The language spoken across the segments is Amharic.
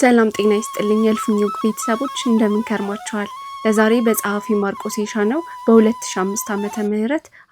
ሰላም ጤና ይስጥልኝ የእልፍኝ ቤተሰቦች እንደምን ከርማችኋል? ለዛሬ በጸሐፊ ማርቆስ የሻነው በ2005 ዓ ም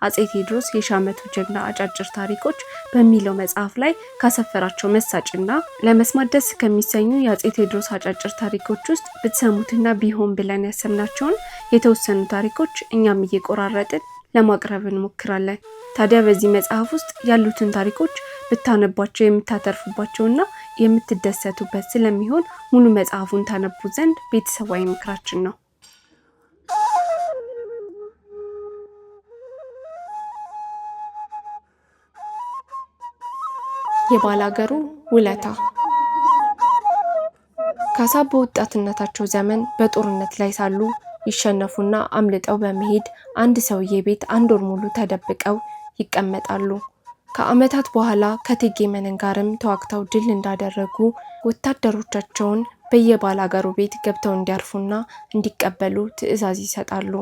አጼ ቴዎድሮስ የሺዓመቱ ጀግና አጫጭር ታሪኮች በሚለው መጽሐፍ ላይ ካሰፈራቸው መሳጭና ለመስማት ደስ ከሚሰኙ የአጼ ቴዎድሮስ አጫጭር ታሪኮች ውስጥ ብትሰሙትና ቢሆን ብለን ያሰብናቸውን የተወሰኑ ታሪኮች እኛም እየቆራረጥን ለማቅረብ እንሞክራለን። ታዲያ በዚህ መጽሐፍ ውስጥ ያሉትን ታሪኮች ብታነቧቸው የምታተርፉባቸውና የምትደሰቱበት ስለሚሆን ሙሉ መጽሐፉን ታነቡ ዘንድ ቤተሰባዊ ምክራችን ነው። የባላገሩ ውለታ ካሳ በወጣትነታቸው ዘመን በጦርነት ላይ ሳሉ ይሸነፉና አምልጠው በመሄድ አንድ ሰውዬ ቤት አንድ ወር ሙሉ ተደብቀው ይቀመጣሉ። ከዓመታት በኋላ ከእቴጌ መነን ጋርም ተዋግተው ድል እንዳደረጉ ወታደሮቻቸውን አገሩ ቤት ገብተው እንዲያርፉና እንዲቀበሉ ትዕዛዝ ይሰጣሉ።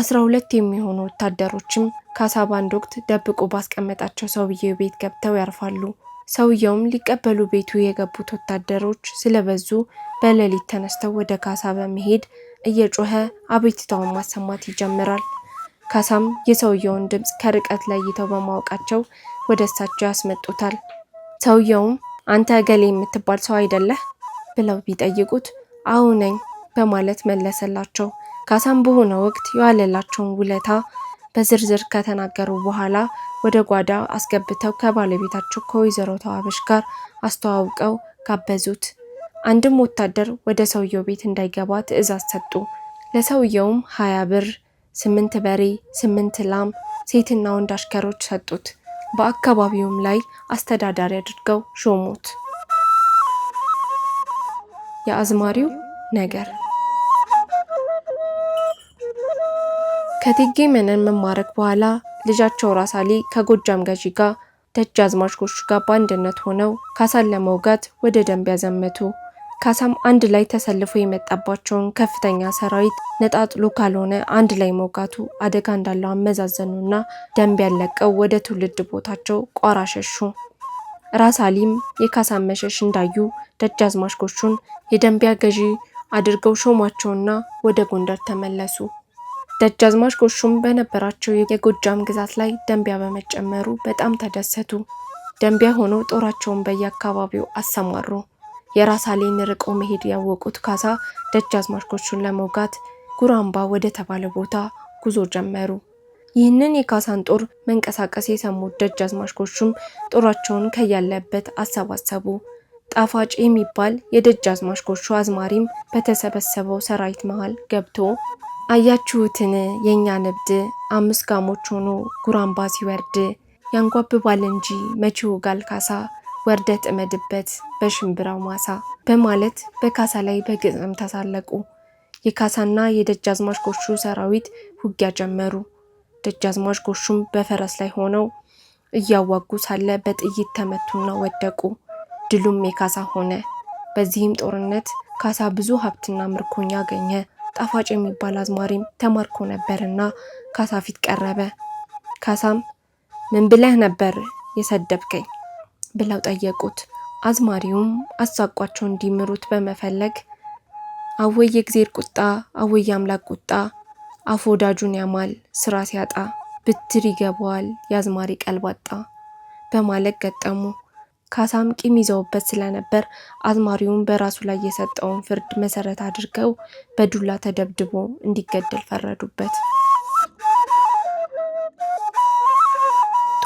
አስራ ሁለት የሚሆኑ ወታደሮችም ካሳ በአንድ ወቅት ደብቆ ባስቀመጣቸው ሰውዬው ቤት ገብተው ያርፋሉ። ሰውየውም ሊቀበሉ ቤቱ የገቡት ወታደሮች ስለበዙ በሌሊት ተነስተው ወደ ካሳ በመሄድ እየጮኸ አቤቱታውን ማሰማት ይጀምራል። ካሳም የሰውየውን ድምፅ ከርቀት ለይተው በማወቃቸው ወደ እሳቸው ያስመጡታል። ሰውየውም አንተ እገሌ የምትባል ሰው አይደለህ ብለው ቢጠይቁት አዎ ነኝ በማለት መለሰላቸው። ካሳም በሆነ ወቅት የዋለላቸውን ውለታ በዝርዝር ከተናገሩ በኋላ ወደ ጓዳ አስገብተው ከባለቤታቸው ከወይዘሮ ተዋበሽ ጋር አስተዋውቀው ጋበዙት። አንድም ወታደር ወደ ሰውየው ቤት እንዳይገባ ትዕዛዝ ሰጡ። ለሰውየውም ሀያ ብር፣ ስምንት በሬ፣ ስምንት ላም፣ ሴትና ወንድ አሽከሮች ሰጡት። በአካባቢውም ላይ አስተዳዳሪ አድርገው ሾሙት። የአዝማሪው ነገር ከእቴጌ መነን መማረክ በኋላ ልጃቸው ራሳሊ ከጎጃም ገዢ ጋር ደጃዝማች ጎሹ ጋር በአንድነት ሆነው ካሳን ለመውጋት ወደ ደንብ ያዘመቱ። ካሳም አንድ ላይ ተሰልፎ የመጣባቸውን ከፍተኛ ሰራዊት ነጣጥሎ ካልሆነ አንድ ላይ መውጋቱ አደጋ እንዳለው አመዛዘኑና ደንብ ያለቀው ወደ ትውልድ ቦታቸው ቋራ ሸሹ። ራስ አሊም የካሳም መሸሽ እንዳዩ ደጃዝማች ጎሹን የደንቢያ ገዢ አድርገው ሾሟቸውና ወደ ጎንደር ተመለሱ። ደጃዝማች ጎሹም በነበራቸው የጎጃም ግዛት ላይ ደንቢያ በመጨመሩ በጣም ተደሰቱ። ደንቢያ ሆነው ጦራቸውን በየአካባቢው አሰማሩ። የራሳሌን ርቆ መሄድ ያወቁት ካሳ ደጃዝማቾቹን ለመውጋት ጉራምባ ወደ ተባለ ቦታ ጉዞ ጀመሩ። ይህንን የካሳን ጦር መንቀሳቀስ የሰሙት ደጃዝማቾቹም ጦራቸውን ከያለበት አሰባሰቡ። ጣፋጭ የሚባል የደጃዝማቾቹ አዝማሪም በተሰበሰበው ሰራዊት መሃል ገብቶ አያችሁትን የእኛ ንብድ አምስት ጋሞች ሆኖ ጉራምባ ሲወርድ ያንጓብባል እንጂ መቼው ጋልካሳ ካሳ ወርደ ጥመድበት በሽምብራው ማሳ በማለት በካሳ ላይ በግጥም ተሳለቁ። የካሳና የደጃዝማች ጎሹ ሰራዊት ውጊያ ጀመሩ። ደጃዝማች ጎሹም በፈረስ ላይ ሆነው እያዋጉ ሳለ በጥይት ተመቱና ወደቁ። ድሉም የካሳ ሆነ። በዚህም ጦርነት ካሳ ብዙ ሀብትና ምርኮኛ አገኘ። ጣፋጭ የሚባል አዝማሪም ተማርኮ ነበርና ካሳ ፊት ቀረበ። ካሳም ምን ብለህ ነበር የሰደብከኝ? ብለው ጠየቁት። አዝማሪውም አሳቋቸው እንዲምሩት በመፈለግ አወይ የእግዜር ቁጣ፣ አወይ የአምላክ ቁጣ፣ አፍ ወዳጁን ያማል ስራ ሲያጣ ብትር ይገባዋል የአዝማሪ ቀልባጣ በማለት ገጠሙ። ካሳም ቂም ይዘውበት ስለነበር አዝማሪውን በራሱ ላይ የሰጠውን ፍርድ መሰረት አድርገው በዱላ ተደብድቦ እንዲገደል ፈረዱበት።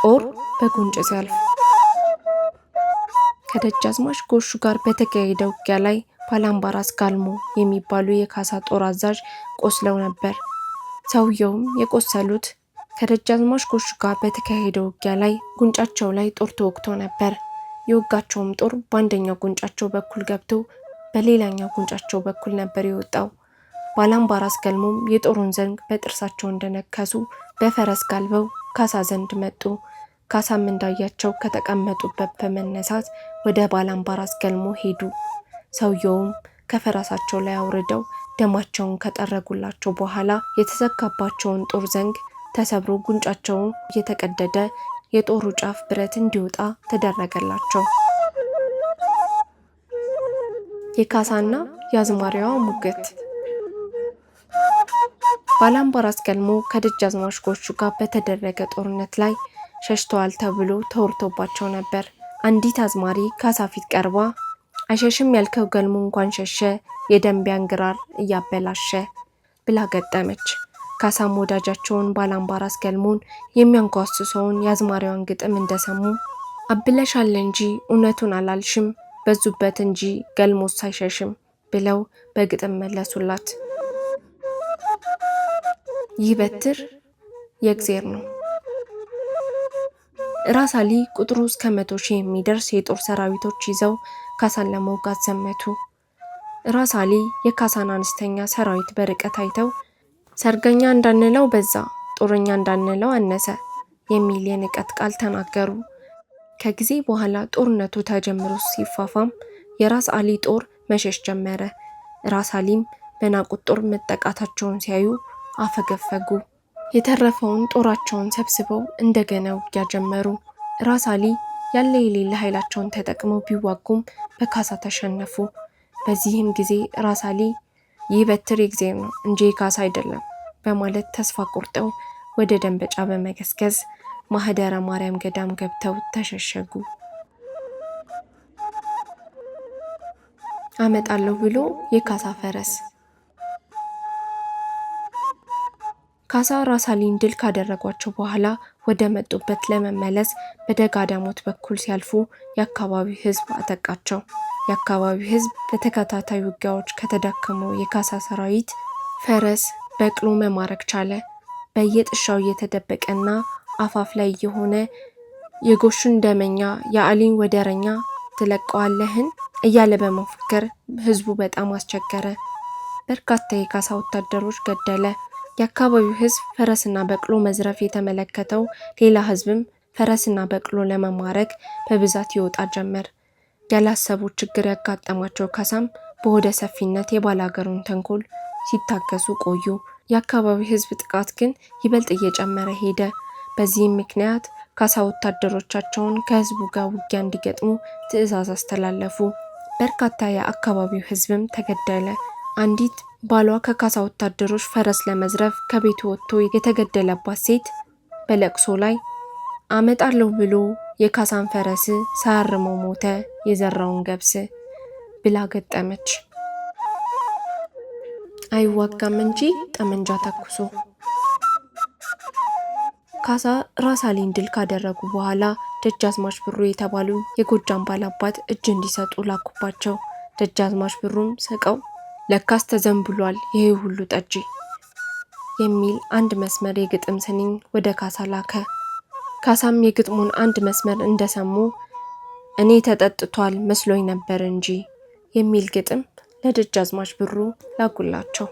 ጦር በጉንጭ ሲያልፍ ከደጃዝማች ጎሹ ጋር በተካሄደ ውጊያ ላይ ባላምባራስ ጋልሞ የሚባሉ የካሳ ጦር አዛዥ ቆስለው ነበር። ሰውየውም የቆሰሉት ከደጃዝማች ጎሹ ጋር በተካሄደ ውጊያ ላይ ጉንጫቸው ላይ ጦር ተወግቶ ነበር። የወጋቸውም ጦር በአንደኛው ጉንጫቸው በኩል ገብቶ በሌላኛው ጉንጫቸው በኩል ነበር የወጣው። ባላምባራስ ገልሞም የጦሩን ዘንግ በጥርሳቸው እንደነከሱ በፈረስ ጋልበው ካሳ ዘንድ መጡ። ካሳም እንዳያቸው ከተቀመጡበት በመነሳት ወደ ባላምባራስ ገልሞ ሄዱ። ሰውየውም ከፈረሳቸው ላይ አውርደው ደማቸውን ከጠረጉላቸው በኋላ የተዘጋባቸውን ጦር ዘንግ ተሰብሮ ጉንጫቸውን እየተቀደደ የጦሩ ጫፍ ብረት እንዲወጣ ተደረገላቸው። የካሳና የአዝማሪዋ ሙግት ባላምባራስ ገልሞ ከደጃዝማች ጎቹ ጋር በተደረገ ጦርነት ላይ ሸሽተዋል ተብሎ ተወርቶባቸው ነበር። አንዲት አዝማሪ ካሳ ፊት ቀርባ አይሸሽም ያልከው ገልሞ እንኳን ሸሸ የደንቢያን ግራር እያበላሸ ብላ ገጠመች። ካሳም ወዳጃቸውን ባላምባራስ ገልሞን ሰውን የአዝማሪዋን ግጥም እንደሰሙ አብለሻለ እንጂ እውነቱን አላልሽም፣ በዙበት እንጂ ገልሞስ አይሸሽም ብለው በግጥም መለሱላት። ይህ በትር የእግዜር ነው። ራስ አሊ ቁጥሩ እስከ መቶ ሺህ የሚደርስ የጦር ሰራዊቶች ይዘው ካሳን ለመውጋት ዘመቱ። ራስ አሊ የካሳን አነስተኛ ሰራዊት በርቀት አይተው ሰርገኛ እንዳንለው በዛ፣ ጦረኛ እንዳንለው አነሰ የሚል የንቀት ቃል ተናገሩ። ከጊዜ በኋላ ጦርነቱ ተጀምሮ ሲፋፋም የራስ አሊ ጦር መሸሽ ጀመረ። ራስ አሊም በናቁት ጦር መጠቃታቸውን ሲያዩ አፈገፈጉ። የተረፈውን ጦራቸውን ሰብስበው እንደገና ውጊያ ጀመሩ። ራስ አሊ ያለ የሌለ ኃይላቸውን ተጠቅመው ቢዋጉም በካሳ ተሸነፉ። በዚህም ጊዜ ራስ አሊ ይህ በትር የጊዜ ነው እንጂ የካሳ አይደለም በማለት ተስፋ ቆርጠው ወደ ደንበጫ በመገስገስ ማህደረ ማርያም ገዳም ገብተው ተሸሸጉ። አመጣለሁ ብሎ የካሳ ፈረስ ካሳ ራሳሊን ድል ካደረጓቸው በኋላ ወደ መጡበት ለመመለስ በደጋ ዳሞት በኩል ሲያልፉ የአካባቢው ሕዝብ አጠቃቸው። የአካባቢው ሕዝብ በተከታታይ ውጊያዎች ከተዳከመው የካሳ ሰራዊት ፈረስ፣ በቅሎ መማረክ ቻለ። በየጥሻው እየተደበቀና አፋፍ ላይ የሆነ የጎሹን ደመኛ የአሊን ወደረኛ ትለቀዋለህን እያለ በመፎከር ሕዝቡ በጣም አስቸገረ። በርካታ የካሳ ወታደሮች ገደለ። የአካባቢው ህዝብ ፈረስና በቅሎ መዝረፍ የተመለከተው ሌላ ህዝብም ፈረስና በቅሎ ለመማረግ በብዛት ይወጣ ጀመር። ያላሰቡ ችግር ያጋጠማቸው ካሳም በሆደ ሰፊነት የባላገሩን ተንኮል ሲታገሱ ቆዩ። የአካባቢው ህዝብ ጥቃት ግን ይበልጥ እየጨመረ ሄደ። በዚህም ምክንያት ካሳ ወታደሮቻቸውን ከህዝቡ ጋር ውጊያ እንዲገጥሙ ትዕዛዝ አስተላለፉ። በርካታ የአካባቢው ህዝብም ተገደለ። አንዲት ባሏ ከካሳ ወታደሮች ፈረስ ለመዝረፍ ከቤቱ ወጥቶ የተገደለባት ሴት በለቅሶ ላይ አመጣለሁ ብሎ የካሳን ፈረስ ሳያርመው ሞተ የዘራውን ገብስ ብላ ገጠመች። አይዋጋም እንጂ ጠመንጃ ተኩሶ። ካሳ ራሳሊን ድል ካደረጉ በኋላ ደጃዝማች ብሩ የተባሉ የጎጃም ባላባት እጅ እንዲሰጡ ላኩባቸው። ደጃዝማች ብሩም ሰቀው ለካስ ተዘንብሏል ይሄ ሁሉ ጠጅ የሚል አንድ መስመር የግጥም ስንኝ ወደ ካሳ ላከ። ካሳም የግጥሙን አንድ መስመር እንደሰሙ እኔ ተጠጥቷል መስሎኝ ነበር እንጂ የሚል ግጥም ለደጃዝማች ብሩ ላኩላቸው።